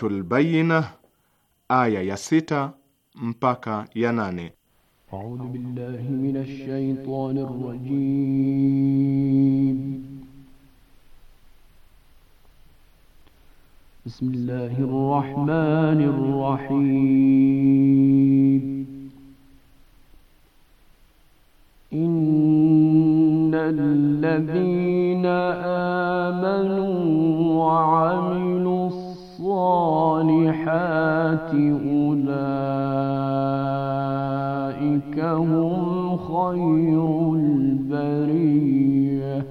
Suratul Bayina aya ya sita mpaka ya nane. هم خير البريه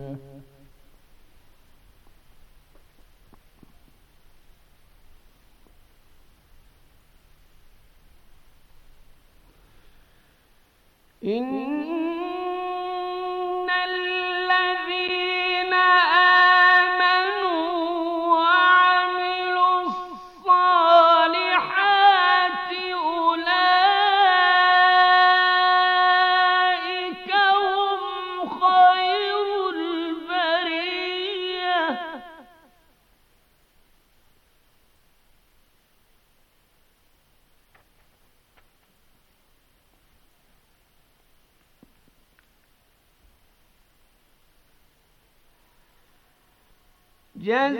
إن Nhân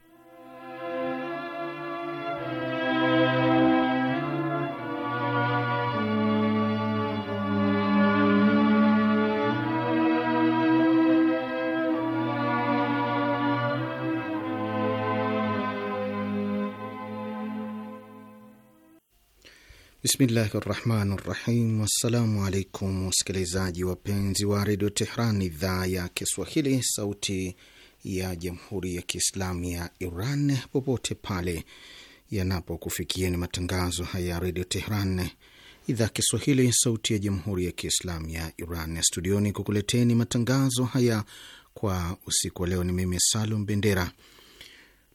Bismillahi rahmani rahim. Wassalamu alaikum wasikilizaji wapenzi wa redio Tehran, idhaa ya Kiswahili, sauti ya jamhuri ya kiislamu ya Iran, popote pale yanapokufikieni matangazo haya ya redio Tehran, idhaa ya Kiswahili, sauti ya jamhuri ya kiislamu ya Iran. Studioni kukuleteni matangazo haya kwa usiku wa leo ni mimi Salum Bendera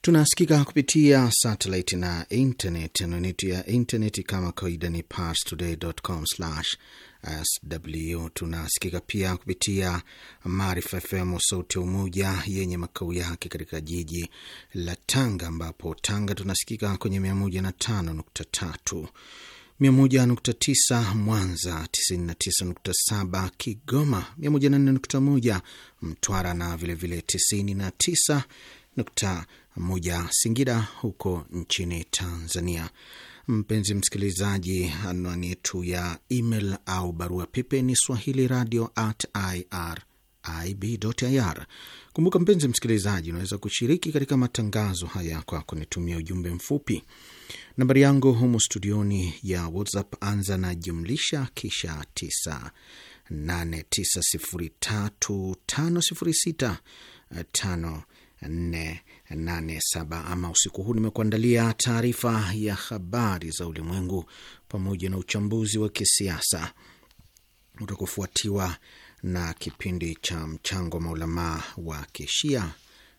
Tunasikika kupitia satelit na internet. Anwani ya internet kama kawaida ni parstoday.com/sw. Tunasikika pia kupitia Maarifa FM, sauti ya Umoja, yenye makao yake katika jiji la Tanga, ambapo Tanga tunasikika kwenye 105.3 101.9 Mwanza, 99.7 Kigoma, 104.1 Mtwara na vilevile 99 nukta moja Singida huko nchini Tanzania. Mpenzi msikilizaji, anwani yetu ya email au barua pepe ni swahili radio at irib.ir. Kumbuka mpenzi msikilizaji, unaweza kushiriki katika matangazo haya kwa kunitumia ujumbe mfupi. Nambari yangu humu studioni ya WhatsApp, anza na jumlisha kisha 989035065 487. Ama usiku huu nimekuandalia taarifa ya habari za ulimwengu pamoja na uchambuzi wa kisiasa utakufuatiwa na kipindi cha mchango wa maulamaa wa kishia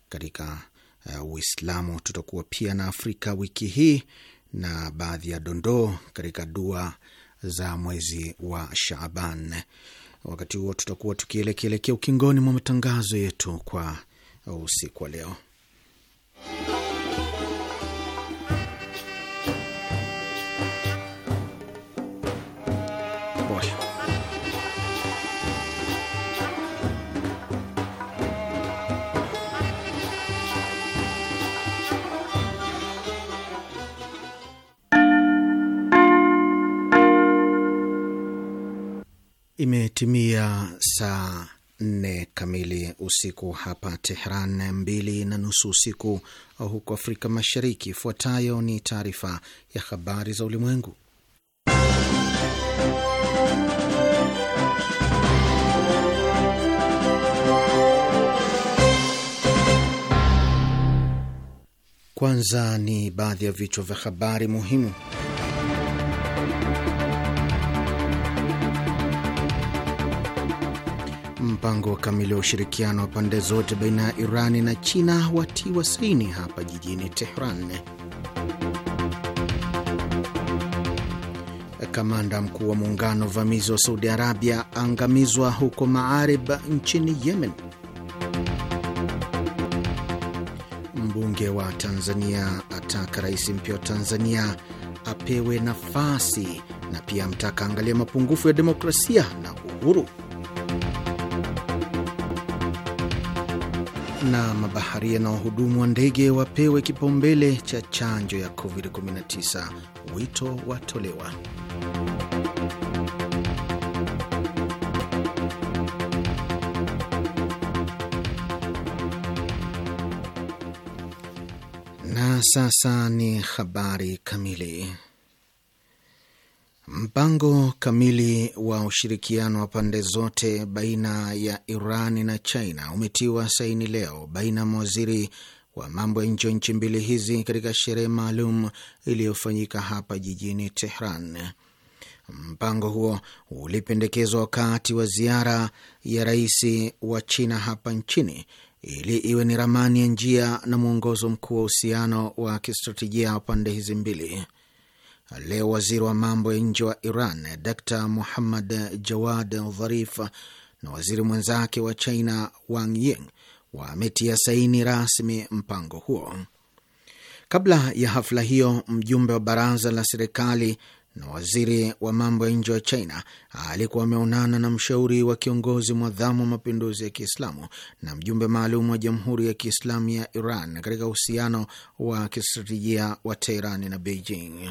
katika uh, Uislamu. Tutakuwa pia na Afrika wiki hii na baadhi ya dondoo katika dua za mwezi wa Shaaban. Wakati huo tutakuwa tukielekeelekea ukingoni mwa matangazo yetu kwa usiku wa leo. Imetimia saa nne kamili usiku hapa Tehran, mbili na nusu usiku huko Afrika Mashariki. Ifuatayo ni taarifa ya habari za ulimwengu, kwanza ni baadhi ya vichwa vya habari muhimu. mpango wa kamili wa ushirikiano wa pande zote baina ya Irani na China watiwa saini hapa jijini Tehran. Kamanda mkuu wa muungano uvamizi wa Saudi Arabia aangamizwa huko Maarib nchini Yemen. Mbunge wa Tanzania ataka rais mpya wa Tanzania apewe nafasi na pia amtaka angalia mapungufu ya demokrasia na uhuru. na mabaharia na wahudumu wa ndege wapewe kipaumbele cha chanjo ya COVID-19. Wito watolewa. Na sasa ni habari kamili. Mpango kamili wa ushirikiano wa pande zote baina ya Iran na China umetiwa saini leo baina ya mawaziri wa mambo ya nje ya nchi mbili hizi katika sherehe maalum iliyofanyika hapa jijini Tehran. Mpango huo ulipendekezwa wakati wa ziara ya rais wa China hapa nchini ili iwe ni ramani ya njia na mwongozo mkuu wa uhusiano wa kistratejia wa pande hizi mbili. Leo waziri wa mambo ya nje wa Iran Dr Muhammad Jawad Zarif na waziri mwenzake wa China Wang Yi wametia saini rasmi mpango huo. Kabla ya hafla hiyo, mjumbe wa baraza la serikali na waziri wa mambo ya nje wa China alikuwa ameonana na mshauri wa kiongozi mwadhamu wa mapinduzi ya Kiislamu na mjumbe maalum wa Jamhuri ya Kiislamu ya Iran katika uhusiano wa kistratejia wa Teherani na Beijing.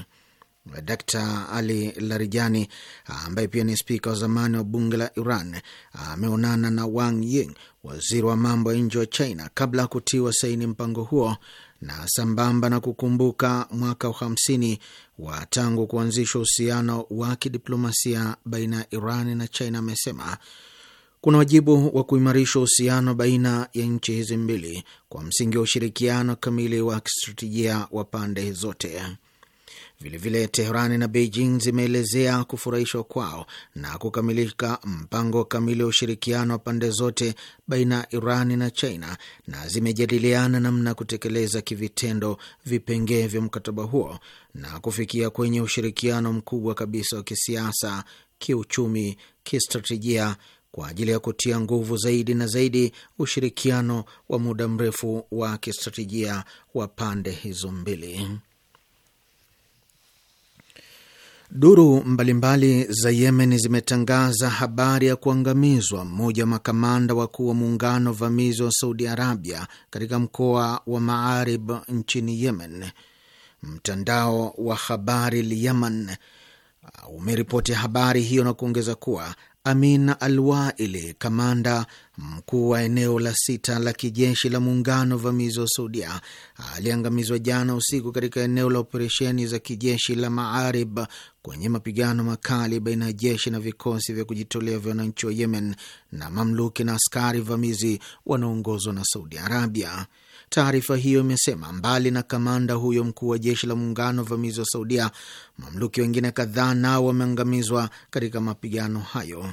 Dkt Ali Larijani ambaye pia ni spika wa zamani wa bunge la Iran ameonana na Wang Ying, waziri wa mambo ya nje wa China, kabla ya kutiwa saini mpango huo na sambamba na kukumbuka mwaka wa 50 wa tangu kuanzishwa uhusiano wa kidiplomasia baina ya Iran na China, amesema kuna wajibu wa kuimarisha uhusiano baina ya nchi hizi mbili kwa msingi wa ushirikiano kamili wa kistratejia wa pande zote. Vilevile, Teherani na Beijing zimeelezea kufurahishwa kwao na kukamilika mpango kamili wa ushirikiano wa pande zote baina ya iran na China na zimejadiliana namna ya kutekeleza kivitendo vipengee vya mkataba huo na kufikia kwenye ushirikiano mkubwa kabisa wa kisiasa, kiuchumi, kistratejia kwa ajili ya kutia nguvu zaidi na zaidi ushirikiano wa muda mrefu wa kistratejia wa pande hizo mbili. Duru mbalimbali za Yemen zimetangaza habari ya kuangamizwa mmoja wa makamanda wakuu wa muungano vamizi wa Saudi Arabia katika mkoa wa Maarib nchini Yemen. Mtandao wa habari Lyaman uh, umeripoti habari hiyo na kuongeza kuwa Amin Alwaili, kamanda Mkuu wa eneo la sita la kijeshi la muungano vamizi wa Saudia aliangamizwa jana usiku katika eneo la operesheni za kijeshi la Maarib kwenye mapigano makali baina ya jeshi na vikosi vya kujitolea vya wananchi wa Yemen na mamluki na askari vamizi wanaoongozwa na Saudi Arabia. Taarifa hiyo imesema mbali na kamanda huyo mkuu wa jeshi la muungano vamizi wa Saudia, mamluki wengine kadhaa nao wameangamizwa katika mapigano hayo.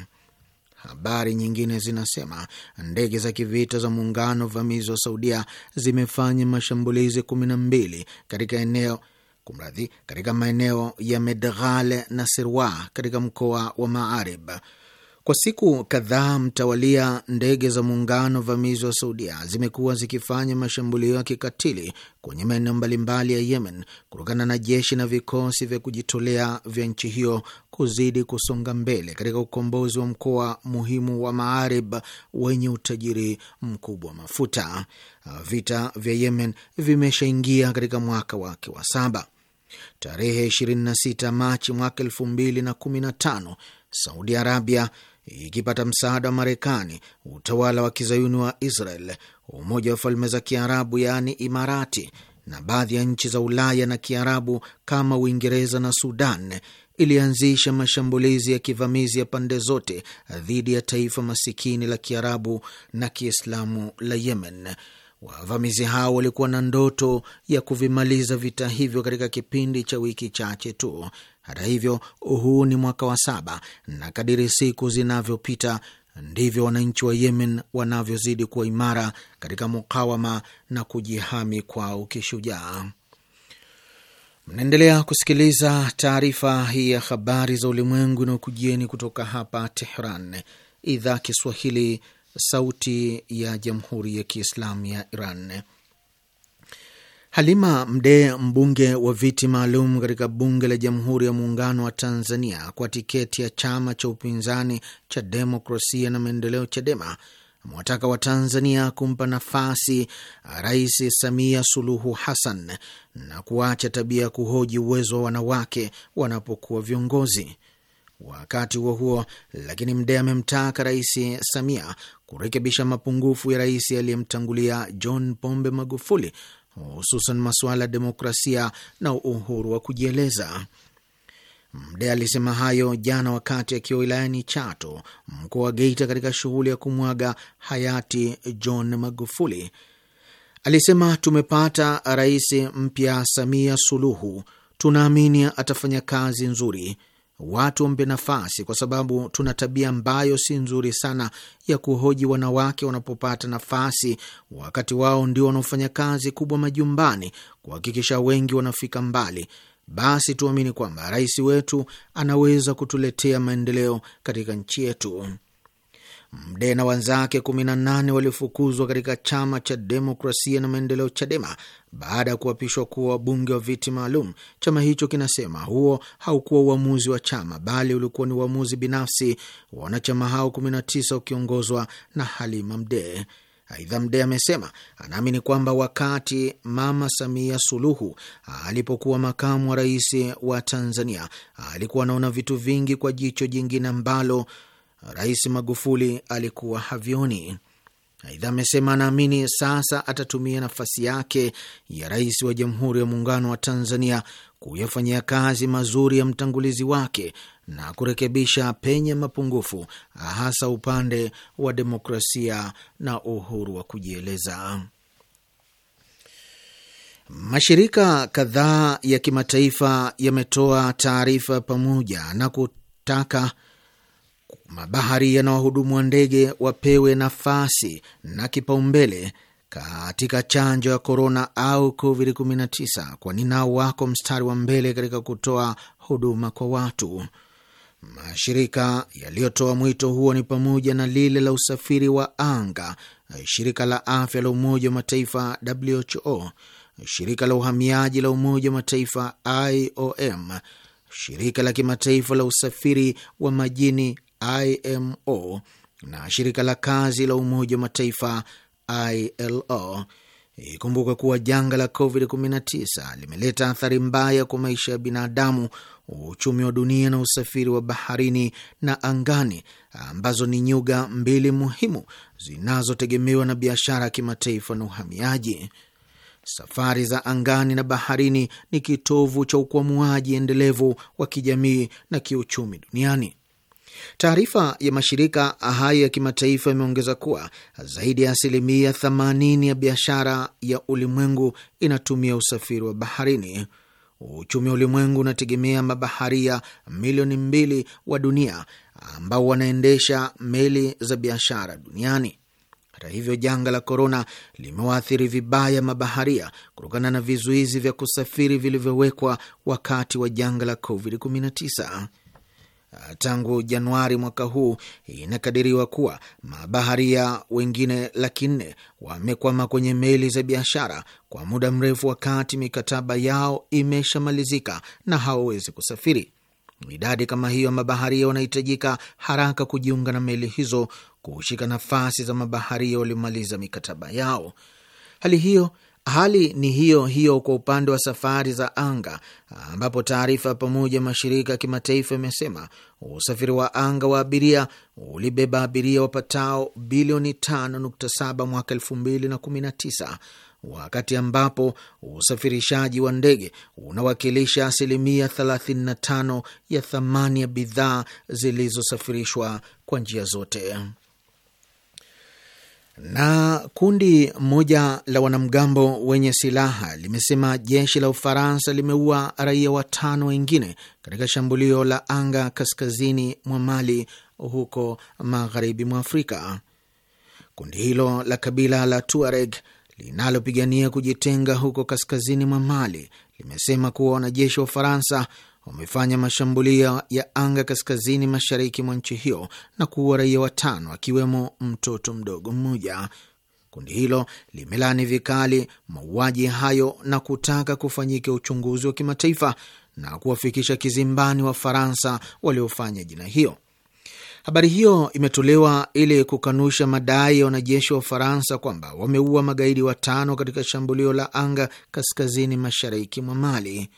Habari nyingine zinasema ndege za kivita za muungano vamizi wa Saudia zimefanya mashambulizi kumi na mbili katika eneo kumradhi, katika maeneo ya Medghal na Sirwa katika mkoa wa Maarib kwa siku kadhaa mtawalia, ndege za muungano vamizi wa Saudia zimekuwa zikifanya mashambulio ya kikatili kwenye maeneo mbalimbali ya Yemen kutokana na jeshi na vikosi vya kujitolea vya nchi hiyo kuzidi kusonga mbele katika ukombozi wa mkoa muhimu wa Maarib wenye utajiri mkubwa wa mafuta. Vita vya Yemen vimeshaingia katika mwaka wake wa saba. Tarehe 26 Machi mwaka 2015 Saudi Arabia ikipata msaada wa Marekani, utawala wa kizayuni wa Israel, Umoja wa Falme za Kiarabu yaani Imarati, na baadhi ya nchi za Ulaya na Kiarabu kama Uingereza na Sudan ilianzisha mashambulizi ya kivamizi ya pande zote dhidi ya taifa masikini la Kiarabu na Kiislamu la Yemen. Wavamizi hao walikuwa na ndoto ya kuvimaliza vita hivyo katika kipindi cha wiki chache tu, hata hivyo, huu ni mwaka wa saba na kadiri siku zinavyopita ndivyo wananchi wa Yemen wanavyozidi kuwa imara katika mukawama na kujihami kwao kishujaa. Mnaendelea kusikiliza taarifa hii ya habari za ulimwengu inayokujieni kutoka hapa Tehran, idhaa Kiswahili, sauti ya jamhuri ya kiislamu ya Iran. Halima Mdee, mbunge wa viti maalum katika bunge la Jamhuri ya Muungano wa Tanzania kwa tiketi ya chama cha upinzani cha Demokrasia na Maendeleo, CHADEMA, amewataka Watanzania kumpa nafasi Rais Samia Suluhu Hassan na kuacha tabia ya kuhoji uwezo wa wanawake wanapokuwa viongozi. Wakati huo huo, lakini Mdee amemtaka Rais Samia kurekebisha mapungufu ya rais aliyemtangulia John Pombe Magufuli hususan masuala ya demokrasia na uhuru wa kujieleza. Mde alisema hayo jana wakati akiwa wilayani Chato, mkoa wa Geita, katika shughuli ya kumwaga hayati John Magufuli. Alisema, tumepata rais mpya Samia Suluhu, tunaamini atafanya kazi nzuri watu wampe nafasi, kwa sababu tuna tabia ambayo si nzuri sana ya kuhoji wanawake wanapopata nafasi, wakati wao ndio wanaofanya kazi kubwa majumbani kuhakikisha wengi wanafika mbali. Basi tuamini kwamba rais wetu anaweza kutuletea maendeleo katika nchi yetu. Mde na wenzake 18 walifukuzwa katika chama cha demokrasia na maendeleo Chadema baada ya kuapishwa kuwa wabunge wa viti maalum. Chama hicho kinasema huo haukuwa uamuzi wa chama, bali ulikuwa ni uamuzi binafsi wa wanachama hao 19 ukiongozwa na Halima Mdee. Aidha, Mdee amesema anaamini kwamba wakati Mama Samia Suluhu alipokuwa makamu wa rais wa Tanzania alikuwa anaona vitu vingi kwa jicho jingine ambalo Rais Magufuli alikuwa havioni. Aidha, amesema anaamini sasa atatumia nafasi yake ya rais wa Jamhuri ya Muungano wa Tanzania kuyafanyia kazi mazuri ya mtangulizi wake na kurekebisha penye mapungufu, hasa upande wa demokrasia na uhuru wa kujieleza. Mashirika kadhaa ya kimataifa yametoa taarifa pamoja na kutaka mabaharia na wahudumu wa ndege wapewe nafasi na kipaumbele katika chanjo ya korona au COVID-19, kwani nao wako mstari wa mbele katika kutoa huduma kwa watu. Mashirika yaliyotoa mwito huo ni pamoja na lile la usafiri wa anga, shirika la afya la Umoja wa Mataifa WHO, shirika la uhamiaji la Umoja wa Mataifa IOM, shirika la kimataifa la usafiri wa majini IMO na shirika la kazi la Umoja wa Mataifa ILO. Ikumbuka kuwa janga la COVID-19 limeleta athari mbaya kwa maisha ya binadamu, uchumi wa dunia na usafiri wa baharini na angani, ambazo ni nyuga mbili muhimu zinazotegemewa na biashara ya kimataifa na uhamiaji. Safari za angani na baharini ni kitovu cha ukwamuaji endelevu wa kijamii na kiuchumi duniani. Taarifa ya mashirika hayo ya kimataifa imeongeza kuwa zaidi ya asilimia 80 ya biashara ya ulimwengu inatumia usafiri wa baharini. Uchumi wa ulimwengu unategemea mabaharia milioni mbili wa dunia ambao wanaendesha meli za biashara duniani. Hata hivyo, janga la korona limewaathiri vibaya mabaharia kutokana na vizuizi vya kusafiri vilivyowekwa wakati wa janga la COVID-19. Ah, tangu Januari mwaka huu. Inakadiriwa kuwa mabaharia wengine laki nne wamekwama kwenye meli za biashara kwa muda mrefu, wakati mikataba yao imeshamalizika na hawawezi kusafiri. Idadi kama hiyo ya mabaharia wanahitajika haraka kujiunga na meli hizo kushika nafasi za mabaharia waliomaliza mikataba yao. Hali hiyo Hali ni hiyo hiyo kwa upande wa safari za anga, ambapo taarifa pamoja mashirika ya kimataifa imesema usafiri wa anga wa abiria ulibeba abiria wapatao bilioni 5.7 mwaka 2019 wakati ambapo usafirishaji wa ndege unawakilisha asilimia 35 ya thamani ya bidhaa zilizosafirishwa kwa njia zote. Na kundi moja la wanamgambo wenye silaha limesema jeshi la Ufaransa limeua raia watano wengine katika shambulio la anga kaskazini mwa Mali, huko magharibi mwa Afrika. Kundi hilo la kabila la Tuareg linalopigania kujitenga huko kaskazini mwa Mali limesema kuwa wanajeshi wa Ufaransa umefanya mashambulio ya anga kaskazini mashariki mwa nchi hiyo na kuua raia watano akiwemo mtoto mdogo mmoja. Kundi hilo limelani vikali mauaji hayo na kutaka kufanyika uchunguzi wa kimataifa na kuwafikisha kizimbani Wafaransa waliofanya jina hiyo. Habari hiyo imetolewa ili kukanusha madai ya wanajeshi wa Ufaransa kwamba wameua magaidi watano katika shambulio la anga kaskazini mashariki mwa Mali.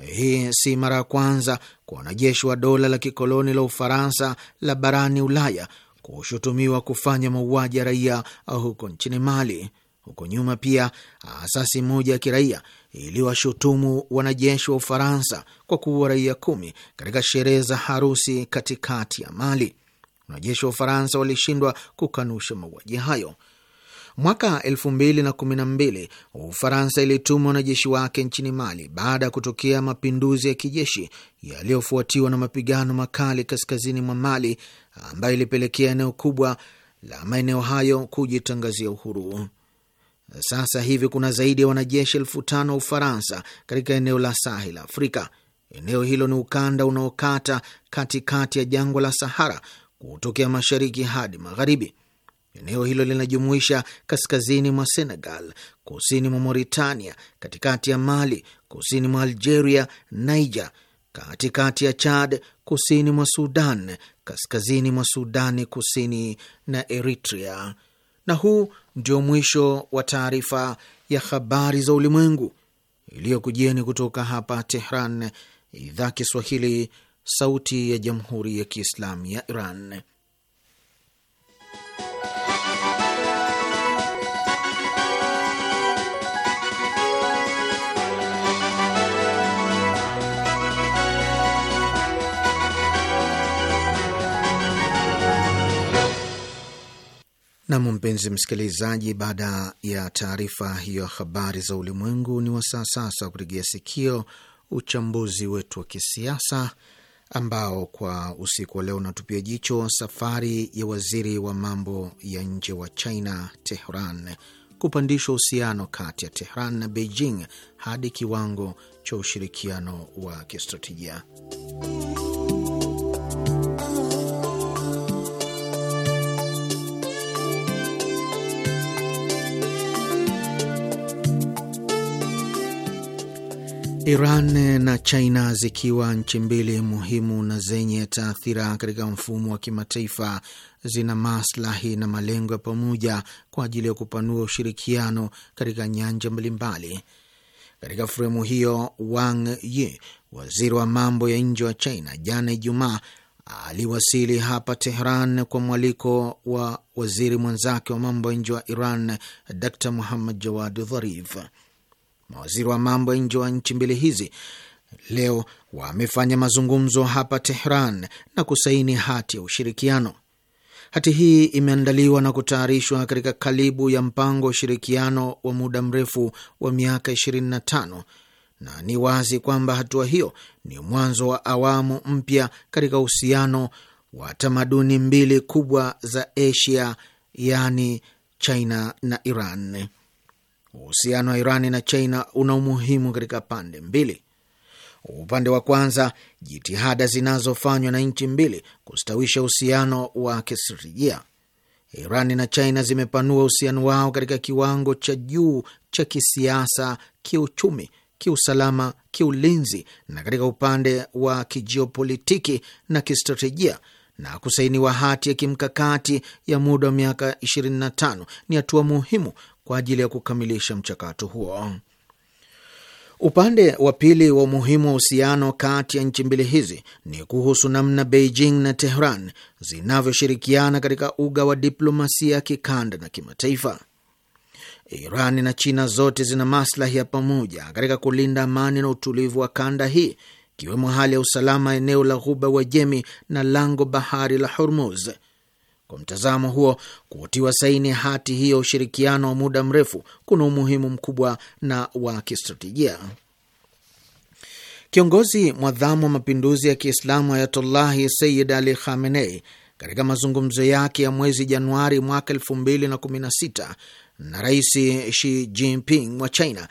Hii si mara ya kwanza kwa wanajeshi wa dola la kikoloni la Ufaransa la barani Ulaya kushutumiwa kufanya mauaji ya raia huko nchini Mali. Huko nyuma pia asasi moja ya kiraia iliwashutumu wanajeshi wa Ufaransa kwa kuua raia kumi katika sherehe za harusi katikati ya Mali. Wanajeshi wa Ufaransa walishindwa kukanusha mauaji hayo. Mwaka 212 na Ufaransa ilituma wanajeshi wake nchini Mali baada ya kutokea mapinduzi ya kijeshi yaliyofuatiwa na mapigano makali kaskazini mwa Mali ambayo ilipelekea eneo kubwa la maeneo hayo kujitangazia uhuru. Sasa hivi kuna zaidi ya wanajeshi elfu tano wa Ufaransa katika eneo la Sahel Afrika. Eneo hilo ni ukanda unaokata katikati ya jangwa la Sahara kutokea mashariki hadi magharibi. Eneo hilo linajumuisha kaskazini mwa Senegal, kusini mwa Mauritania, katikati ya Mali, kusini mwa Algeria, Niger, katikati ya Chad, kusini mwa Sudan, kaskazini mwa Sudani Kusini na Eritrea. Na huu ndio mwisho wa taarifa ya habari za ulimwengu iliyokujieni kutoka hapa Tehran, idhaa Kiswahili, sauti ya jamhuri ya kiislamu ya Iran. Nam, mpenzi msikilizaji, baada ya taarifa hiyo ya habari za ulimwengu, ni wasaa sasa wa kutegea sikio uchambuzi wetu wa kisiasa ambao kwa usiku wa leo unatupia jicho safari ya waziri wa mambo ya nje wa China Tehran, kupandishwa uhusiano kati ya Tehran na Beijing hadi kiwango cha ushirikiano wa kistratejia. Iran na China zikiwa nchi mbili muhimu na zenye taathira katika mfumo wa kimataifa zina maslahi na malengo ya pamoja kwa ajili ya kupanua ushirikiano katika nyanja mbalimbali. Katika fremu hiyo, Wang Yi, waziri wa mambo ya nje wa China, jana Ijumaa aliwasili hapa Tehran kwa mwaliko wa waziri mwenzake wa mambo ya nje wa Iran, Dr Muhammad Jawad Dharif. Mawaziri wa mambo ya nje wa nchi mbili hizi leo wamefanya mazungumzo hapa Tehran na kusaini hati ya ushirikiano. Hati hii imeandaliwa na kutayarishwa katika kalibu ya mpango wa ushirikiano wa muda mrefu wa miaka 25 na ni wazi kwamba hatua hiyo ni mwanzo wa awamu mpya katika uhusiano wa tamaduni mbili kubwa za Asia, yaani China na Iran uhusiano wa Irani na China una umuhimu katika pande mbili. Upande wa kwanza, jitihada zinazofanywa na nchi mbili kustawisha uhusiano wa kistratejia. Irani na China zimepanua uhusiano wao katika kiwango cha juu cha kisiasa, kiuchumi, kiusalama, kiulinzi na katika upande wa kijiopolitiki na kistratejia na kusainiwa hati ya kimkakati ya muda wa miaka 25 ni hatua muhimu kwa ajili ya kukamilisha mchakato huo. Upande wa pili wa umuhimu wa uhusiano kati ya nchi mbili hizi ni kuhusu namna Beijing na Tehran zinavyoshirikiana katika uga wa diplomasia ya kikanda na kimataifa. Iran na China zote zina maslahi ya pamoja katika kulinda amani na utulivu wa kanda hii, ikiwemo hali ya usalama eneo la Ghuba Wajemi na lango bahari la Hormuz kwa mtazamo huo, kutiwa saini hati hiyo ushirikiano wa muda mrefu kuna umuhimu mkubwa na wa kistratejia. Kiongozi mwadhamu wa mapinduzi ya Kiislamu Ayatullahi Sayyid Ali Khamenei katika mazungumzo yake ya mwezi Januari mwaka elfu na na na Rais Xi Jinping wa China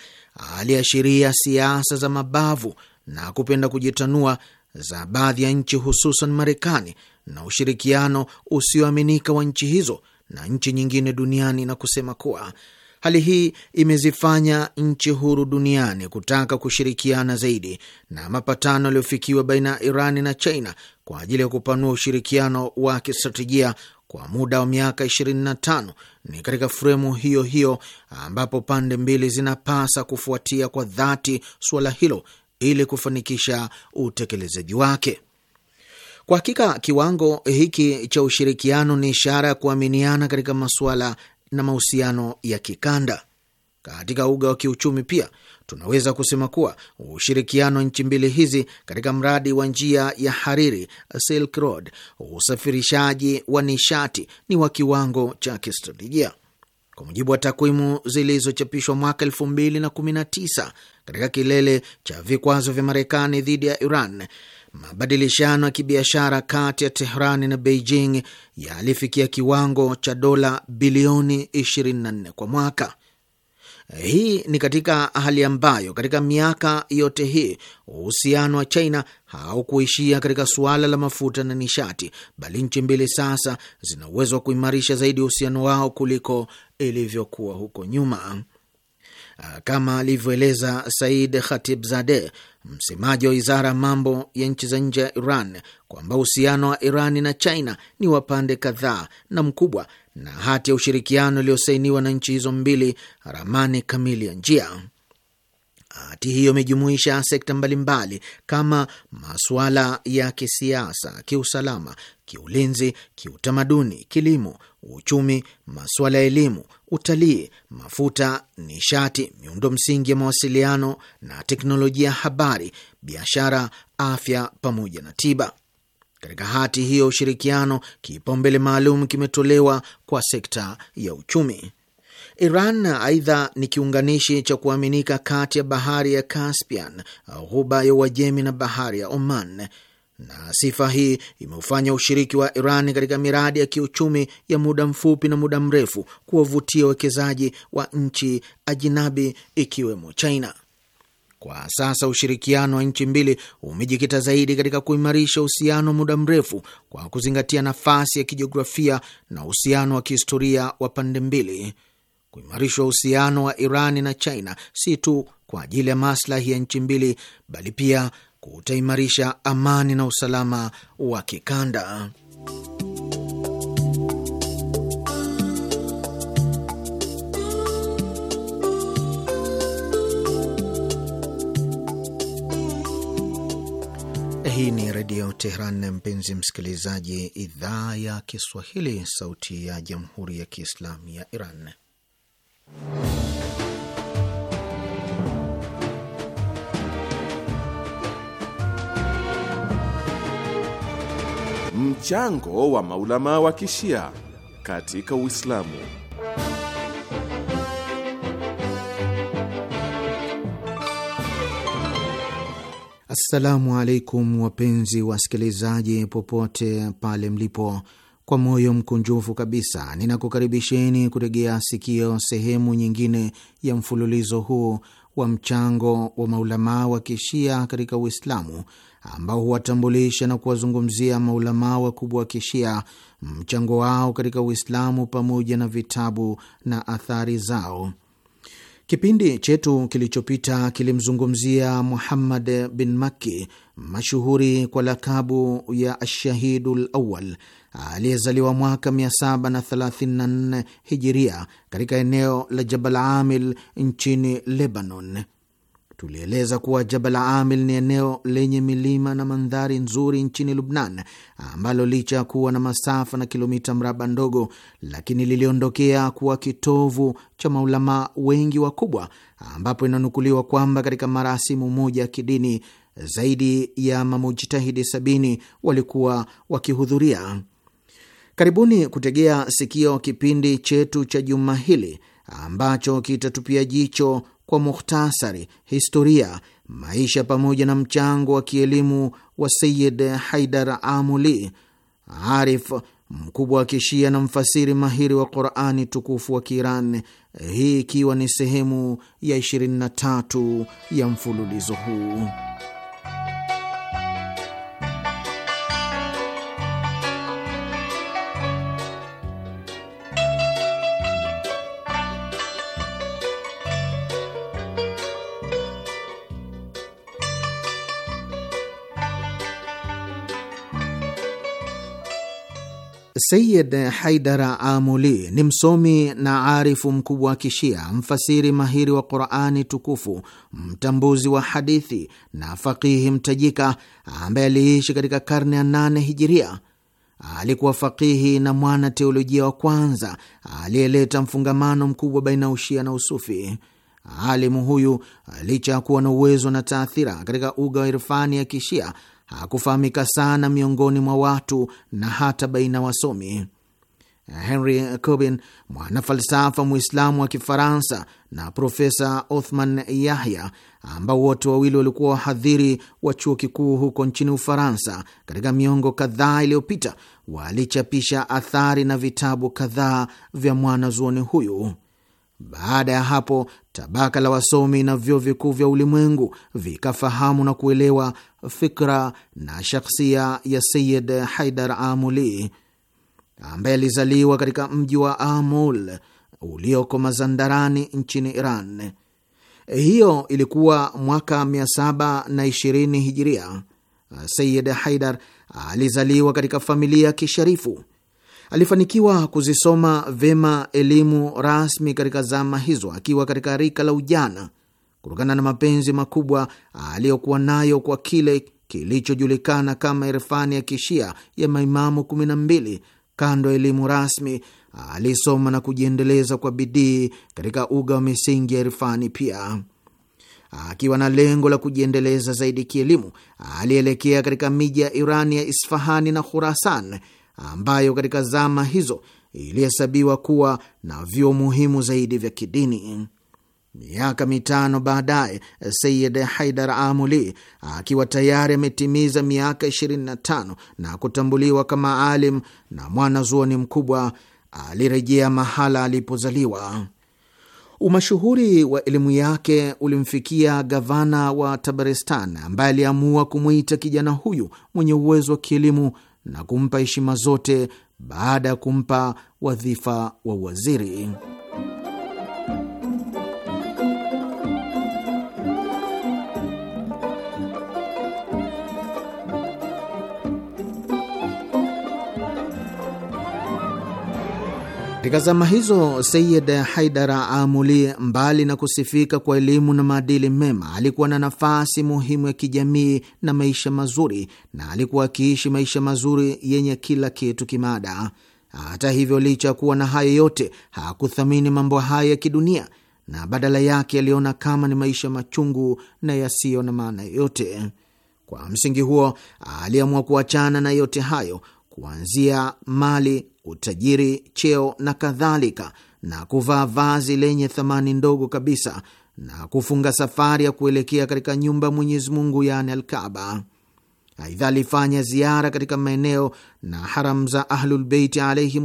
aliashiria siasa za mabavu na kupenda kujitanua za baadhi ya nchi hususan Marekani na ushirikiano usioaminika wa nchi hizo na nchi nyingine duniani na kusema kuwa hali hii imezifanya nchi huru duniani kutaka kushirikiana zaidi na mapatano yaliyofikiwa baina ya Irani na China kwa ajili ya kupanua ushirikiano wa kistratejia kwa muda wa miaka 25 ni katika fremu hiyo hiyo ambapo pande mbili zinapasa kufuatia kwa dhati suala hilo ili kufanikisha utekelezaji wake. Kwa hakika kiwango hiki cha ushirikiano ni ishara ya kuaminiana katika masuala na mahusiano ya kikanda. Katika uga wa kiuchumi pia tunaweza kusema kuwa ushirikiano nchi mbili hizi katika mradi wa njia ya hariri Silk Road, usafirishaji wa nishati ni wa kiwango cha kistratejia. Kwa mujibu wa takwimu zilizochapishwa mwaka elfu mbili na kumi na tisa katika kilele cha vikwazo vya Marekani dhidi ya Iran, mabadilishano ya kibiashara kati ya Tehrani na Beijing yalifikia kiwango cha dola bilioni 24 kwa mwaka. Hii ni katika hali ambayo katika miaka yote hii uhusiano wa China haukuishia katika suala la mafuta na nishati, bali nchi mbili sasa zina uwezo wa kuimarisha zaidi uhusiano wao kuliko ilivyokuwa huko nyuma. Ah, kama alivyoeleza Said zade msemaji wa wizara ya mambo ya nchi za nje ya Iran, kwamba uhusiano wa Iran na China ni wa pande kadhaa na mkubwa, na hati ya ushirikiano iliyosainiwa na nchi hizo mbili ramani kamili ya njia Hati hiyo imejumuisha sekta mbalimbali kama masuala ya kisiasa, kiusalama, kiulinzi, kiutamaduni, kilimo, uchumi, masuala ya elimu, utalii, mafuta, nishati, miundo msingi ya mawasiliano na teknolojia habari, biashara, afya pamoja na tiba. Katika hati hiyo ushirikiano, kipaumbele maalum kimetolewa kwa sekta ya uchumi. Iran aidha ni kiunganishi cha kuaminika kati ya bahari ya Caspian, ghuba ya Uajemi na bahari ya Oman, na sifa hii imeufanya ushiriki wa Iran katika miradi ya kiuchumi ya muda mfupi na muda mrefu kuwavutia wawekezaji wa nchi ajinabi ikiwemo China. Kwa sasa ushirikiano wa nchi mbili umejikita zaidi katika kuimarisha uhusiano wa muda mrefu kwa kuzingatia nafasi ya kijiografia na uhusiano wa kihistoria wa pande mbili kuimarisha uhusiano wa Iran na China si tu kwa ajili ya maslahi ya nchi mbili, bali pia kutaimarisha amani na usalama wa kikanda. Hii ni Redio Tehran, mpenzi msikilizaji, idhaa ya Kiswahili, sauti ya Jamhuri ya Kiislamu ya Iran. Mchango wa maulama wa kishia katika Uislamu. Assalamu alaikum wapenzi wasikilizaji, popote pale mlipo kwa moyo mkunjufu kabisa ninakukaribisheni kutegea sikio sehemu nyingine ya mfululizo huu wa mchango wa maulamaa wa kishia katika Uislamu ambao huwatambulisha na kuwazungumzia maulamaa wakubwa wa kishia, mchango wao katika Uislamu pamoja na vitabu na athari zao. Kipindi chetu kilichopita kilimzungumzia Muhammad bin Makki, mashuhuri kwa lakabu ya Ashahidul Awal, aliyezaliwa mwaka 734 hijiria katika eneo la Jabal Amil nchini Lebanon. Tulieleza kuwa Jabal Amil ni eneo lenye milima na mandhari nzuri nchini Lubnan, ambalo licha ya kuwa na masafa na kilomita mraba ndogo, lakini liliondokea kuwa kitovu cha maulamaa wengi wakubwa, ambapo inanukuliwa kwamba katika marasimu moja ya kidini zaidi ya mamujitahidi sabini walikuwa wakihudhuria. Karibuni kutegea sikio kipindi chetu cha juma hili ambacho kitatupia jicho kwa mukhtasari historia, maisha pamoja na mchango wa kielimu wa Sayid Haidar Amuli, arif mkubwa wa Kishia na mfasiri mahiri wa Qurani tukufu wa Kiiran, hii ikiwa ni sehemu ya 23 ya mfululizo huu. Sayid Haidar Amuli ni msomi na arifu mkubwa wa Kishia, mfasiri mahiri wa Qurani Tukufu, mtambuzi wa hadithi na faqihi mtajika ambaye aliishi katika karne ya nane hijiria. Alikuwa faqihi na mwana teolojia wa kwanza aliyeleta mfungamano mkubwa baina ya ushia na usufi. Alimu huyu licha ya kuwa na uwezo na taathira katika uga wa irfani ya Kishia hakufahamika sana miongoni mwa watu na hata baina wasomi. Henry Corbin, mwanafalsafa Mwislamu wa Kifaransa, na Profesa Othman Yahya, ambao wote wawili walikuwa wahadhiri wa chuo kikuu huko nchini Ufaransa, katika miongo kadhaa iliyopita walichapisha athari na vitabu kadhaa vya mwanazuoni huyu. Baada ya hapo tabaka la wasomi na vyuo vikuu vya ulimwengu vikafahamu na kuelewa fikra na shakhsia ya Sayid Haidar Amuli ambaye alizaliwa katika mji wa Amul ulioko Mazandarani nchini Iran. Hiyo ilikuwa mwaka 720 Hijiria. Sayid Haidar alizaliwa katika familia ya kisharifu. Alifanikiwa kuzisoma vyema elimu rasmi katika zama hizo akiwa katika rika la ujana kutokana na mapenzi makubwa aliyokuwa nayo kwa kile kilichojulikana kama irfani ya kishia ya maimamu kumi na mbili. Kando ya elimu rasmi, alisoma na kujiendeleza kwa bidii katika uga wa misingi ya irfani pia. Akiwa na lengo la kujiendeleza zaidi kielimu, alielekea katika miji ya Irani ya Isfahani na Khurasan ambayo katika zama hizo ilihesabiwa kuwa na vyuo muhimu zaidi vya kidini. Miaka mitano baadaye, Sayid Haidar Amuli akiwa tayari ametimiza miaka 25 na kutambuliwa kama alim na mwanazuoni mkubwa, alirejea mahala alipozaliwa. Umashuhuri wa elimu yake ulimfikia gavana wa Tabaristan, ambaye aliamua kumwita kijana huyu mwenye uwezo wa kielimu na kumpa heshima zote baada ya kumpa wadhifa wa uwaziri. Katika zama hizo, Sayid haidar Amuli, mbali na kusifika kwa elimu na maadili mema, alikuwa na nafasi muhimu ya kijamii na maisha mazuri, na alikuwa akiishi maisha mazuri yenye kila kitu kimaada. Hata hivyo, licha ya kuwa na hayo yote, hakuthamini mambo haya ya kidunia na badala yake aliona kama ni maisha machungu na yasiyo na maana yoyote. Kwa msingi huo, aliamua kuachana na yote hayo kuanzia mali, utajiri, cheo na kadhalika, na kuvaa vazi lenye thamani ndogo kabisa na kufunga safari ya kuelekea katika nyumba mwenyezimungu Mwenyezi Mungu, yaani Alkaba. Aidha, alifanya ziara katika maeneo na haram za Ahlulbeiti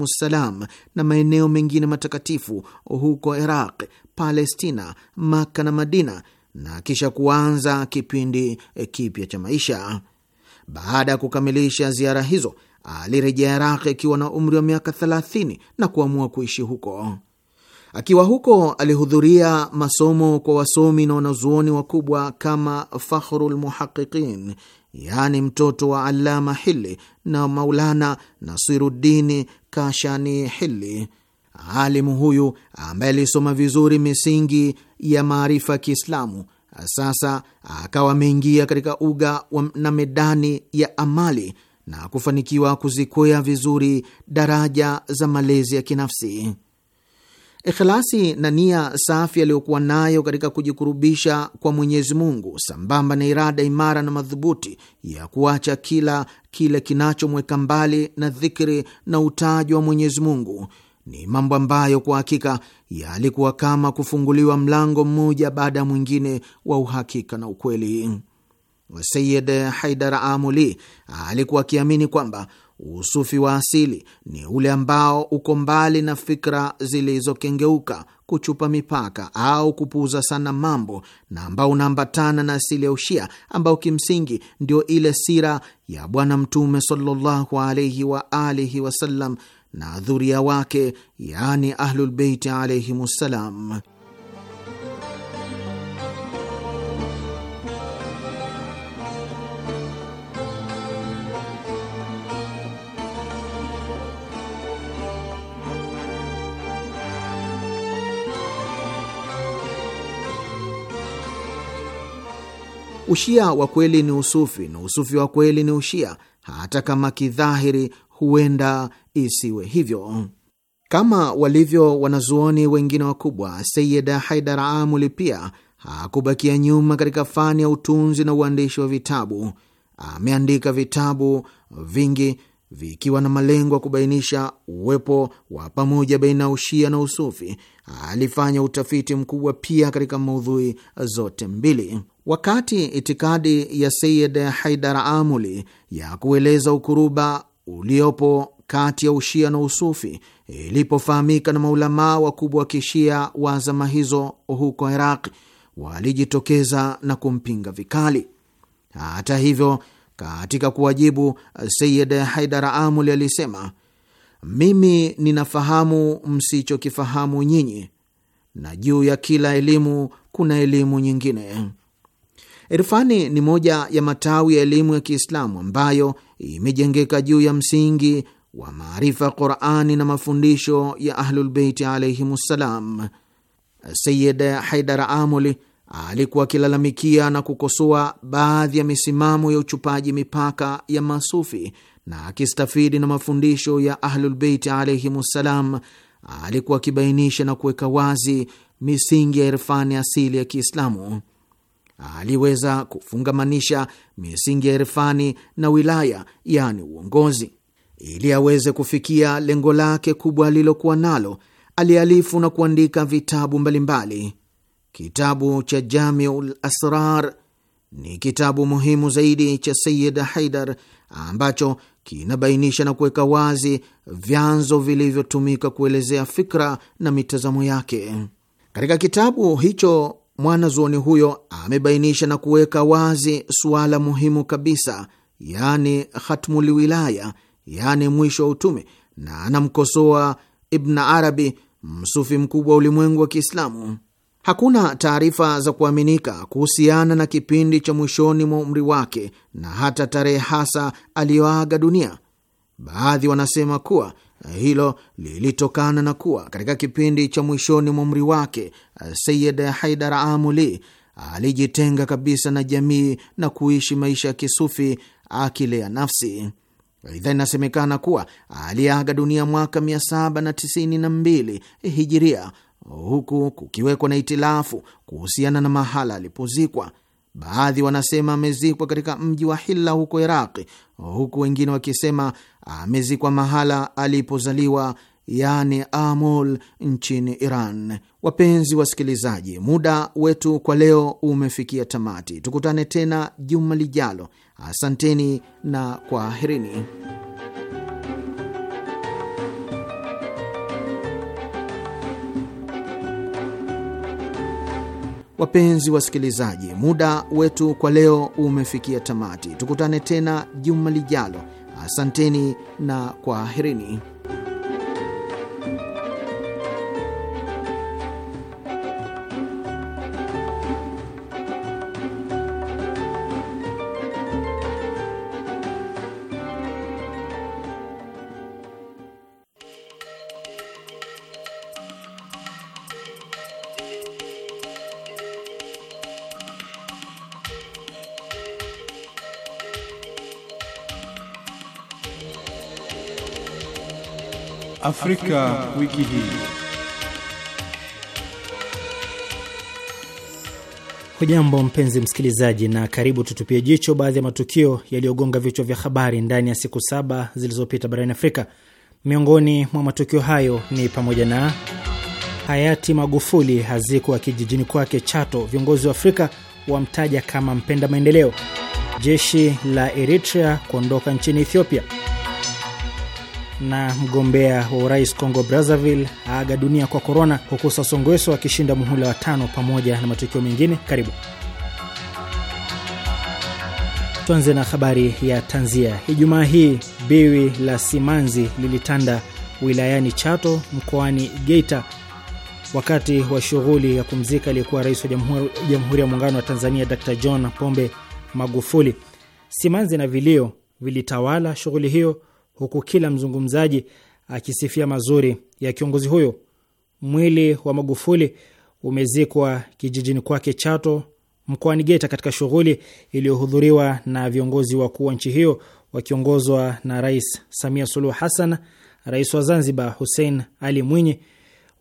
ssalam na maeneo mengine matakatifu huko Iraq, Palestina, Makka na Madina, na kisha kuanza kipindi kipya cha maisha. Baada ya kukamilisha ziara hizo, alirejea Iraq akiwa na umri wa miaka 30 na kuamua kuishi huko. Akiwa huko alihudhuria masomo kwa wasomi na wanazuoni wakubwa kama Fakhrul Muhaqiqin, yaani mtoto wa Allama Hili na Maulana nasirudini Kashani Hili. Alimu huyu ambaye alisoma vizuri misingi ya maarifa ya Kiislamu sasa akawa ameingia katika uga na medani ya amali na kufanikiwa kuzikwea vizuri daraja za malezi ya kinafsi. Ikhlasi na nia safi aliyokuwa nayo katika kujikurubisha kwa Mwenyezi Mungu, sambamba na irada imara na madhubuti ya kuacha kila kile kinachomweka mbali na dhikri na utajwa wa Mwenyezi Mungu ni mambo ambayo kwa hakika yalikuwa kama kufunguliwa mlango mmoja baada ya mwingine wa uhakika na ukweli. Sayid Haidar Amuli alikuwa akiamini kwamba usufi wa asili ni ule ambao uko mbali na fikra zilizokengeuka, kuchupa mipaka au kupuuza sana mambo, na ambao unaambatana na asili ya Ushia ambao kimsingi ndio ile sira ya Bwana Mtume sallallahu alaihi wa alihi wasallam na dhuria wake, yani Ahlulbeiti alaihimussalam. Ushia wa kweli ni usufi na usufi wa kweli ni ushia, hata kama kidhahiri huenda isiwe hivyo. Kama walivyo wanazuoni wengine wakubwa, Sayida Haidar Amuli pia hakubakia nyuma katika fani ya utunzi na uandishi wa vitabu. Ameandika vitabu vingi vikiwa na malengo ya kubainisha uwepo wa pamoja baina ya ushia na usufi. Alifanya utafiti mkubwa pia katika maudhui zote mbili. Wakati itikadi ya Sayid Haidar Amuli ya kueleza ukuruba uliopo kati ya ushia na usufi ilipofahamika na maulamaa wakubwa wa kishia wa zama hizo huko Iraq, walijitokeza na kumpinga vikali. Hata hivyo katika kuwajibu, eh, Sayid Haidar Amuli alisema, mimi ninafahamu msichokifahamu nyinyi, na juu ya kila elimu kuna elimu nyingine. Irfani ni moja ya matawi ya elimu ya Kiislamu ambayo imejengeka juu ya msingi wa maarifa ya Qurani na mafundisho ya Ahlulbeiti alaihim ssalam. Sayid Haidar Amuli alikuwa akilalamikia na kukosoa baadhi ya misimamo ya uchupaji mipaka ya masufi na akistafidi na mafundisho ya Ahlulbeiti alaihimussalam, alikuwa akibainisha na kuweka wazi misingi ya irfani asili ya Kiislamu. Aliweza kufungamanisha misingi ya irfani na wilaya, yaani uongozi, ili aweze kufikia lengo lake kubwa alilokuwa nalo. Alialifu na kuandika vitabu mbalimbali mbali. Kitabu cha Jamiul Asrar ni kitabu muhimu zaidi cha Sayid Haidar ambacho kinabainisha na kuweka wazi vyanzo vilivyotumika kuelezea fikra na mitazamo yake. Katika kitabu hicho mwanazuoni huyo amebainisha na kuweka wazi suala muhimu kabisa, yani hatmuliwilaya, yaani mwisho wa utume, na anamkosoa Ibn Arabi, msufi mkubwa wa ulimwengu wa Kiislamu. Hakuna taarifa za kuaminika kuhusiana na kipindi cha mwishoni mwa umri wake na hata tarehe hasa aliyoaga dunia. Baadhi wanasema kuwa hilo lilitokana na kuwa katika kipindi cha mwishoni mwa umri wake Sayid Haidar Amuli alijitenga kabisa na jamii na kuishi maisha ya kisufi akilea nafsi. Aidha, inasemekana kuwa aliaga dunia mwaka 792 hijiria huku kukiwekwa na itilafu kuhusiana na mahala alipozikwa. Baadhi wanasema amezikwa katika mji wa Hilla huko Iraqi, huku wengine wakisema amezikwa mahala alipozaliwa yani Amol nchini Iran. Wapenzi wasikilizaji, muda wetu kwa leo umefikia tamati. Tukutane tena juma lijalo. Asanteni na kwaherini. Wapenzi wasikilizaji, muda wetu kwa leo umefikia tamati. Tukutane tena juma lijalo. Asanteni na kwaherini. Afrika wiki hii. Hujambo mpenzi msikilizaji, na karibu tutupie jicho baadhi ya matukio yaliyogonga vichwa vya habari ndani ya siku saba zilizopita barani Afrika. Miongoni mwa matukio hayo ni pamoja na hayati Magufuli hazikuwa kijijini kwake Chato, viongozi wa Afrika wamtaja kama mpenda maendeleo, jeshi la Eritrea kuondoka nchini Ethiopia, na mgombea wa urais Congo Brazzaville aaga dunia kwa korona, huku Sasongweso akishinda muhula wa tano, pamoja na matukio mengine. Karibu tuanze na habari ya tanzia. Ijumaa hii biwi la simanzi lilitanda wilayani Chato mkoani Geita wakati wa shughuli ya kumzika aliyekuwa rais wa Jamhuri ya Muungano wa Tanzania Dr John Pombe Magufuli. Simanzi na vilio vilitawala shughuli hiyo huku kila mzungumzaji akisifia mazuri ya kiongozi huyo. Mwili wa Magufuli umezikwa kijijini kwake Chato mkoani Geita katika shughuli iliyohudhuriwa na viongozi wakuu wa nchi hiyo wakiongozwa na Rais Samia Suluhu Hassan, Rais wa Zanzibar Hussein Ali Mwinyi,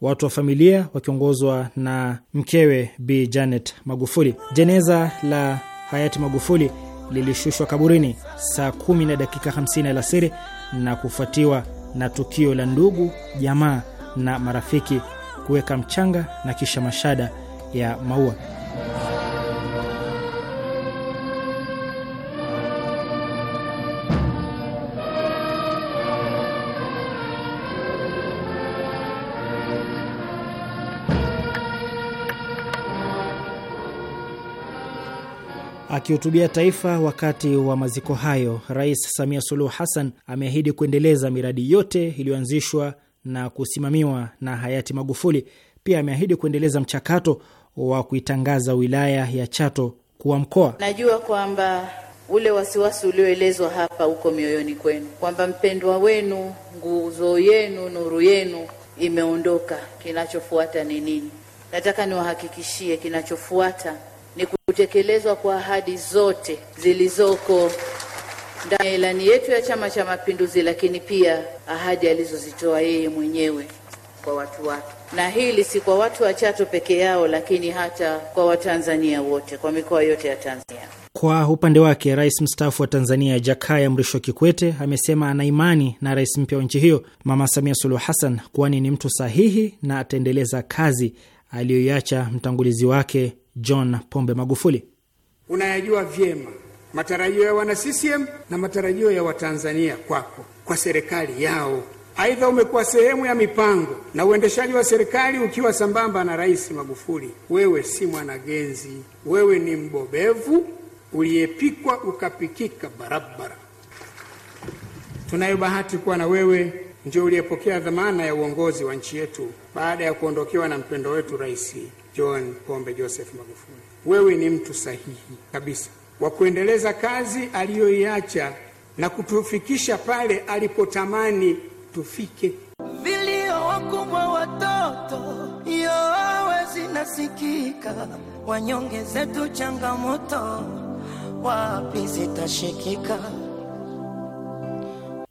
watu wa familia wakiongozwa na mkewe Bi Janet Magufuli. Jeneza la hayati Magufuli lilishushwa kaburini saa 10 na dakika 50 alasiri na kufuatiwa na tukio la ndugu jamaa na marafiki kuweka mchanga na kisha mashada ya maua. Akihutubia taifa wakati wa maziko hayo, Rais Samia Suluhu Hassan ameahidi kuendeleza miradi yote iliyoanzishwa na kusimamiwa na hayati Magufuli. Pia ameahidi kuendeleza mchakato wa kuitangaza wilaya ya Chato kuwa mkoa. Najua kwamba ule wasiwasi ulioelezwa hapa uko mioyoni kwenu, kwamba mpendwa wenu, nguzo yenu, nuru yenu imeondoka, kinachofuata ni nini? Nataka niwahakikishie kinachofuata kutekelezwa kwa ahadi zote zilizoko ndani ya ilani yetu ya Chama cha Mapinduzi, lakini pia ahadi alizozitoa yeye mwenyewe kwa watu wake, na hili si kwa watu wa Chato peke yao, lakini hata kwa Watanzania wote, kwa mikoa yote ya Tanzania. Kwa upande wake, rais mstaafu wa Tanzania Jakaya Mrisho Kikwete amesema ana imani na rais mpya wa nchi hiyo Mama Samia Suluhu Hassan, kwani ni mtu sahihi na ataendeleza kazi aliyoiacha mtangulizi wake John Pombe Magufuli. Unayajua vyema matarajio ya wana CCM na matarajio ya Watanzania kwako, kwa serikali yao. Aidha, umekuwa sehemu ya mipango na uendeshaji wa serikali ukiwa sambamba na Rais Magufuli. Wewe si mwanagenzi, wewe ni mbobevu uliyepikwa ukapikika barabara. Tunayo bahati kuwa na wewe ndio uliyepokea dhamana ya uongozi wa nchi yetu baada ya kuondokewa na mpendo wetu Rais John Pombe Joseph Magufuli, wewe ni mtu sahihi kabisa wa kuendeleza kazi aliyoiacha na kutufikisha pale alipotamani tufike. Vilio wakubwa watoto yowe zinasikika, wanyonge zetu changamoto wapi zitashikika?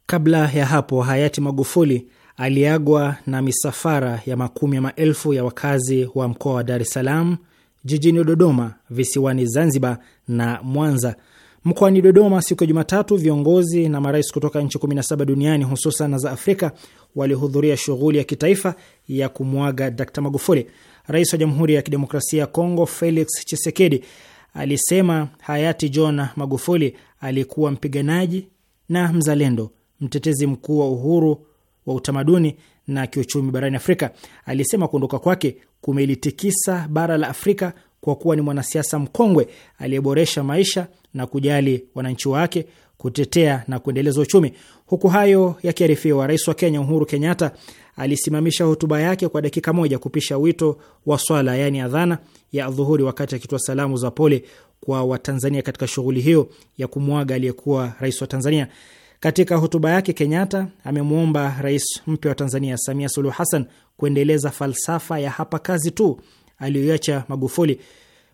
Kabla ya hapo hayati Magufuli aliagwa na misafara ya makumi ya maelfu ya wakazi wa mkoa wa Dar es Salaam, jijini Dodoma, visiwani Zanzibar na Mwanza. Mkoani Dodoma siku ya Jumatatu, viongozi na marais kutoka nchi 17 duniani hususan za Afrika walihudhuria shughuli ya kitaifa ya kumwaga d Magufuli. Rais wa Jamhuri ya Kidemokrasia ya Kongo Felix chisekedi alisema hayati John Magufuli alikuwa mpiganaji na mzalendo, mtetezi mkuu wa uhuru wa utamaduni na kiuchumi barani Afrika. Alisema kuondoka kwake kumelitikisa bara la Afrika kwa kuwa ni mwanasiasa mkongwe aliyeboresha maisha na kujali wananchi wake, kutetea na kuendeleza uchumi. Huku hayo yakiarifiwa, rais wa Kenya Uhuru Kenyatta alisimamisha hotuba yake kwa dakika moja kupisha wito wa swala, yaani adhana ya adhuhuri, wakati akitoa salamu za pole kwa Watanzania katika shughuli hiyo ya kumwaga aliyekuwa rais wa Tanzania. Katika hotuba yake, Kenyatta amemwomba rais mpya wa Tanzania Samia Suluhu Hassan kuendeleza falsafa ya hapa kazi tu aliyoacha Magufuli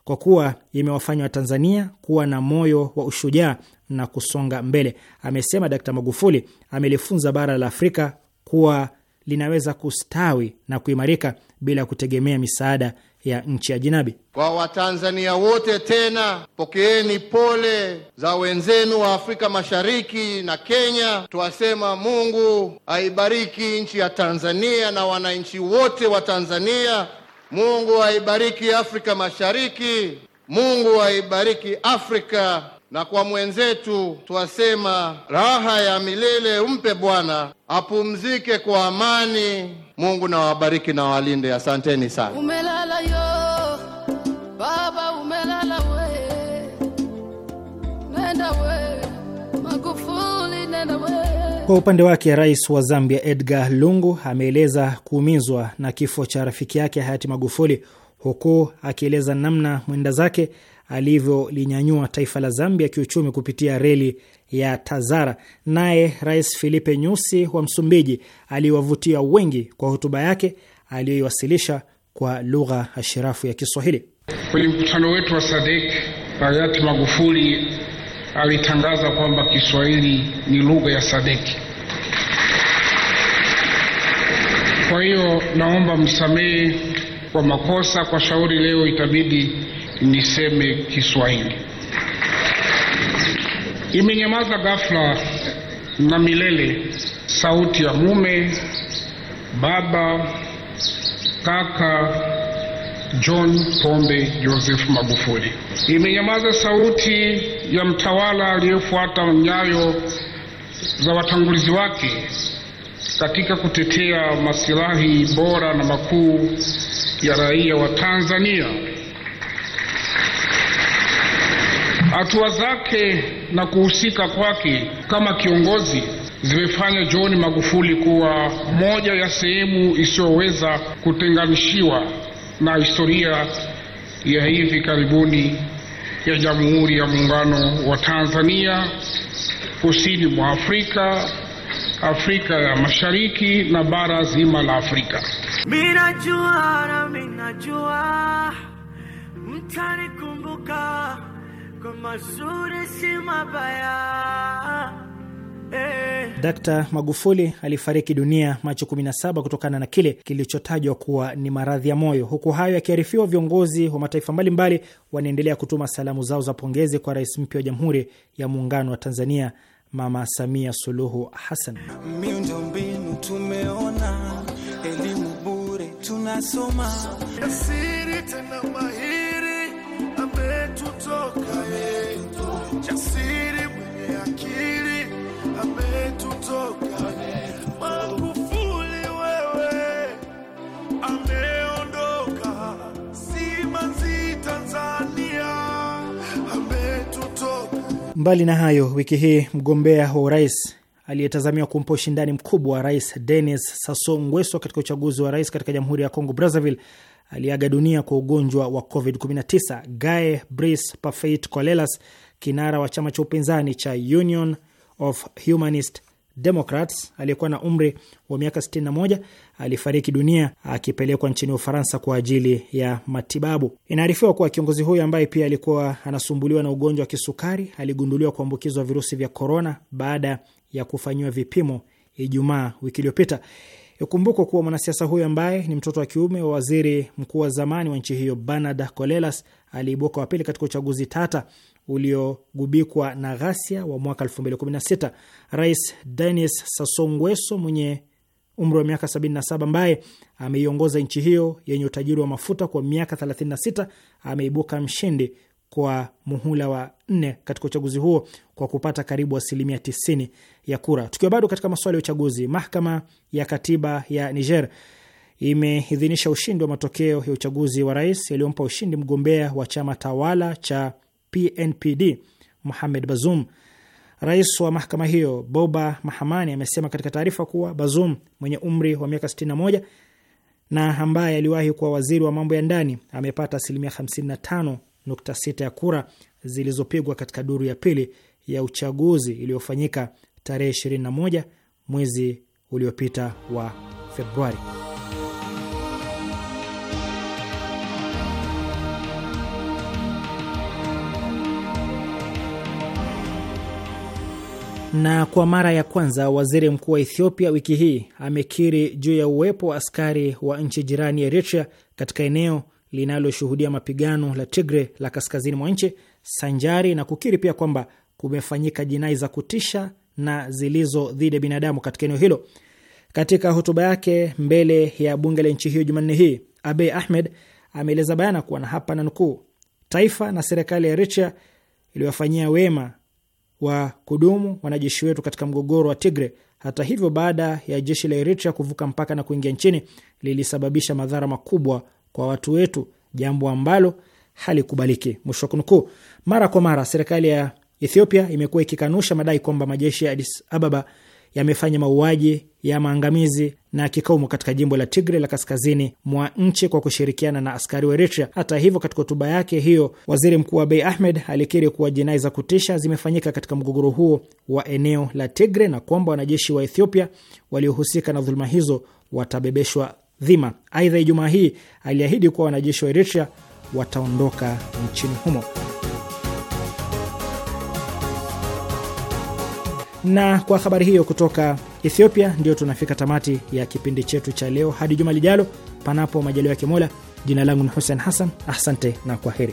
kwa kuwa imewafanya Watanzania kuwa na moyo wa ushujaa na kusonga mbele. Amesema Dkt Magufuli amelifunza bara la Afrika kuwa linaweza kustawi na kuimarika bila kutegemea misaada ya nchi ya jinabi. Kwa Watanzania wote tena, pokeeni pole za wenzenu wa Afrika Mashariki na Kenya. Twasema Mungu aibariki nchi ya Tanzania na wananchi wote wa Tanzania. Mungu aibariki Afrika Mashariki. Mungu aibariki Afrika na kwa mwenzetu twasema, raha ya milele umpe Bwana, apumzike kwa amani. Mungu na wabariki na walinde. Asanteni sana. Umelala yo baba, umelala we, nenda we Magufuli, nenda we. Kwa upande wake rais wa Zambia Edgar Lungu ameeleza kuumizwa na kifo cha rafiki yake hayati Magufuli, huku akieleza namna mwenda zake alivyolinyanyua taifa la Zambia kiuchumi kupitia reli ya Tazara. Naye Rais Filipe Nyusi wa Msumbiji aliwavutia wengi kwa hotuba yake aliyoiwasilisha kwa lugha ashirafu ya Kiswahili. Kwenye mkutano wetu wa Sadek, hayati Magufuli alitangaza kwamba Kiswahili ni lugha ya Sadek. Kwa hiyo naomba msamehe kwa makosa, kwa shauri leo itabidi niseme Kiswahili. Imenyamaza ghafla na milele sauti ya mume, baba, kaka John Pombe Joseph Magufuli. Imenyamaza sauti ya mtawala aliyefuata nyayo za watangulizi wake katika kutetea masilahi bora na makuu ya raia wa Tanzania. Hatua zake na kuhusika kwake kama kiongozi zimefanya John Magufuli kuwa moja ya sehemu isiyoweza kutenganishiwa na historia ya hivi karibuni ya Jamhuri ya Muungano wa Tanzania, kusini mwa Afrika, Afrika ya Mashariki na bara zima la Afrika. Minajua, minajua, mtanikumbuka Eh. Dkta Magufuli alifariki dunia Machi 17 kutokana na kile kilichotajwa kuwa ni maradhi ya moyo. Huku hayo yakiarifiwa, viongozi wa mataifa mbalimbali wanaendelea kutuma salamu zao za pongezi kwa rais mpya wa Jamhuri ya Muungano wa Tanzania, Mama Samia Suluhu Hassan. Miundombinu tumeona, elimu bure tunasoma, siri tena mahiri Mbali na hayo, wiki hii mgombea wa urais aliyetazamiwa kumpa ushindani mkubwa wa rais Denis Sassou Nguesso katika uchaguzi wa rais katika jamhuri ya congo Brazzaville aliaga dunia kwa ugonjwa wa COVID-19. Guy Brice Parfait Colelas, kinara wa chama cha upinzani cha Union of Humanist Democrats, aliyekuwa na umri wa miaka 61 alifariki dunia akipelekwa nchini Ufaransa kwa ajili ya matibabu. Inaarifiwa kuwa kiongozi huyo ambaye pia alikuwa anasumbuliwa na ugonjwa wa kisukari aligunduliwa kuambukizwa virusi vya korona baada ya kufanyiwa vipimo Ijumaa wiki iliyopita. Ikumbukwa kuwa mwanasiasa huyo ambaye ni mtoto wa kiume wa waziri mkuu wa zamani wa nchi hiyo Bernard Colelas aliibuka wa pili katika uchaguzi tata uliogubikwa na ghasia wa mwaka 2016. Rais Denis Sassou Nguesso mwenye umri wa miaka 77 ambaye ameiongoza nchi hiyo yenye utajiri wa mafuta kwa miaka 36 ameibuka mshindi kwa muhula wa nne katika uchaguzi huo kwa kupata karibu asilimia 90 ya kura. Tukiwa bado katika masuala ya uchaguzi, mahakama ya katiba ya Niger imeidhinisha ushindi wa matokeo ya uchaguzi wa rais yaliyompa ushindi mgombea wa chama tawala cha PNPD Mohamed Bazoum Rais wa mahakama hiyo Boba Mahamani amesema katika taarifa kuwa Bazoum mwenye umri wa miaka 61 na ambaye aliwahi kuwa waziri wa mambo ya ndani amepata asilimia 55.6 ya kura zilizopigwa katika duru ya pili ya uchaguzi iliyofanyika tarehe 21 mwezi uliopita wa Februari. Na kwa mara ya kwanza waziri mkuu wa Ethiopia wiki hii amekiri juu ya uwepo wa askari wa nchi jirani Eritrea katika eneo linaloshuhudia mapigano la Tigre la kaskazini mwa nchi, sanjari na kukiri pia kwamba kumefanyika jinai za kutisha na zilizo dhidi ya binadamu katika eneo hilo. Katika hotuba yake mbele ya bunge la nchi hiyo Jumanne hii, Abiy Ahmed ameeleza bayana kuwa na hapa na nukuu, taifa na serikali ya Eritrea iliwafanyia wema wa kudumu wanajeshi wetu katika mgogoro wa Tigre. Hata hivyo, baada ya jeshi la Eritrea kuvuka mpaka na kuingia nchini, lilisababisha madhara makubwa kwa watu wetu, jambo ambalo halikubaliki. Mwisho wa kunukuu. Mara kwa mara serikali ya Ethiopia imekuwa ikikanusha madai kwamba majeshi ya Addis Ababa yamefanya mauaji ya maangamizi na kikaumu katika jimbo la Tigre la kaskazini mwa nchi kwa kushirikiana na askari wa Eritrea. Hata hivyo, katika hotuba yake hiyo, waziri mkuu Abiy Ahmed alikiri kuwa jinai za kutisha zimefanyika katika mgogoro huo wa eneo la Tigre na kwamba wanajeshi wa Ethiopia waliohusika na dhuluma hizo watabebeshwa dhima. Aidha, Ijumaa hii aliahidi kuwa wanajeshi wa Eritrea wataondoka nchini humo. Na kwa habari hiyo kutoka Ethiopia, ndio tunafika tamati ya kipindi chetu cha leo. Hadi juma lijalo, panapo majaliwa ya Kimola. Jina langu ni Hussein Hassan, asante na kwa heri.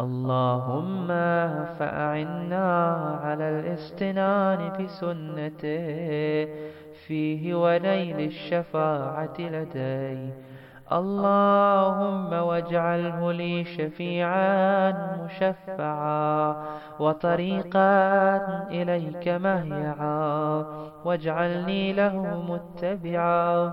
اللهم فأعنا على الاستنان بسنته فيه ونيل الشفاعة لديه اللهم واجعله لي شفيعا مشفعا وطريقا إليك مهيعا واجعلني له متبعا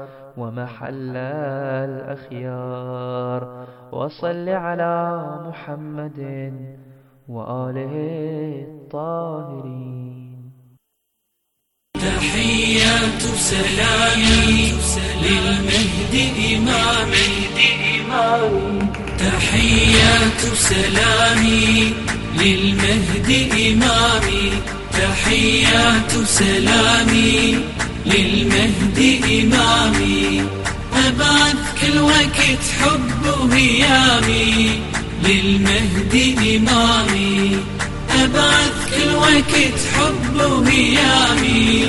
ومحل الأخيار وصل على محمد وآله الطاهرين تحيات سلامي للمهد إمامي تحيات سلامي للمهد إمامي تحيات سلامي للمهدي إمامي أبعث كل وقت حب وهيامي للمهدي إمامي أبعث كل وقت حب وهيامي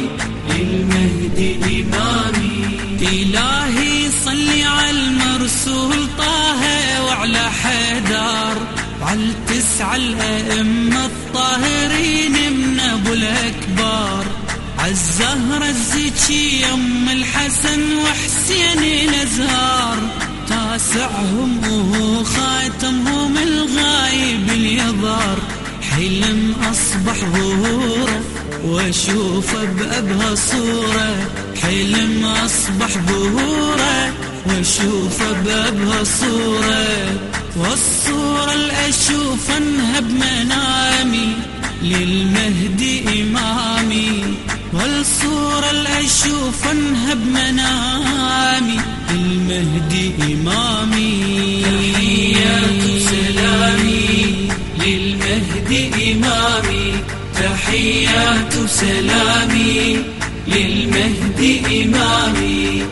للمهدي إمامي إلهي صلي على المرسول طه وعلى حدار وعلى التسعة الأئمة الطاهرين من أبو الأكبار عالزهرة الزيتي أم الحسن وحسين الأزهار تاسعهم وهو خاتمهم الغايب اليظهر حلم أصبح ظهوره واشوفه بأبهى صورة حلم أصبح ظهوره واشوفه بأبهى صورة والصورة اللي أشوف أنها بمنامي للمهدي إمامي والصورة اللي أشوفنها بمنامي للمهدي إمامي تحيات سلامي للمهدي إمامي تحيات سلامي للمهدي إمامي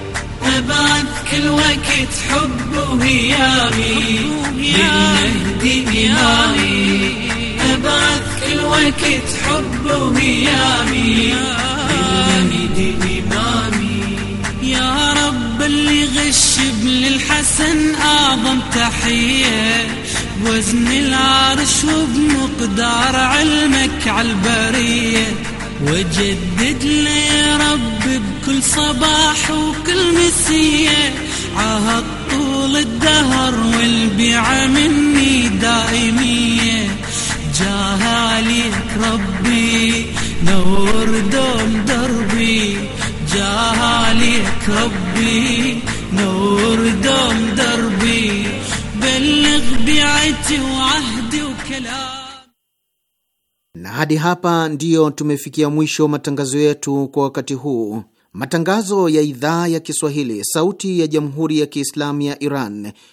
أبعد كل وقت حب وهيامي للمهدي إمامي الوقت حب ميامي دي إمامي يا رب اللي غش الحسن أعظم تحية وزن العرش وبمقدار علمك عالبرية وجدد لي يا رب بكل صباح وكل مسية عهد طول الدهر والبيعة مني دائمية جاه عليك ربي نور دوم دربي جاه عليك ربي نور دوم دربي بلغ بيعتي وعهدي وكلامي na hadi hapa ndiyo tumefikia mwisho matangazo yetu kwa wakati huu. Matangazo ya idhaa ya Kiswahili, sauti ya jamhuri ya kiislamu ya Iran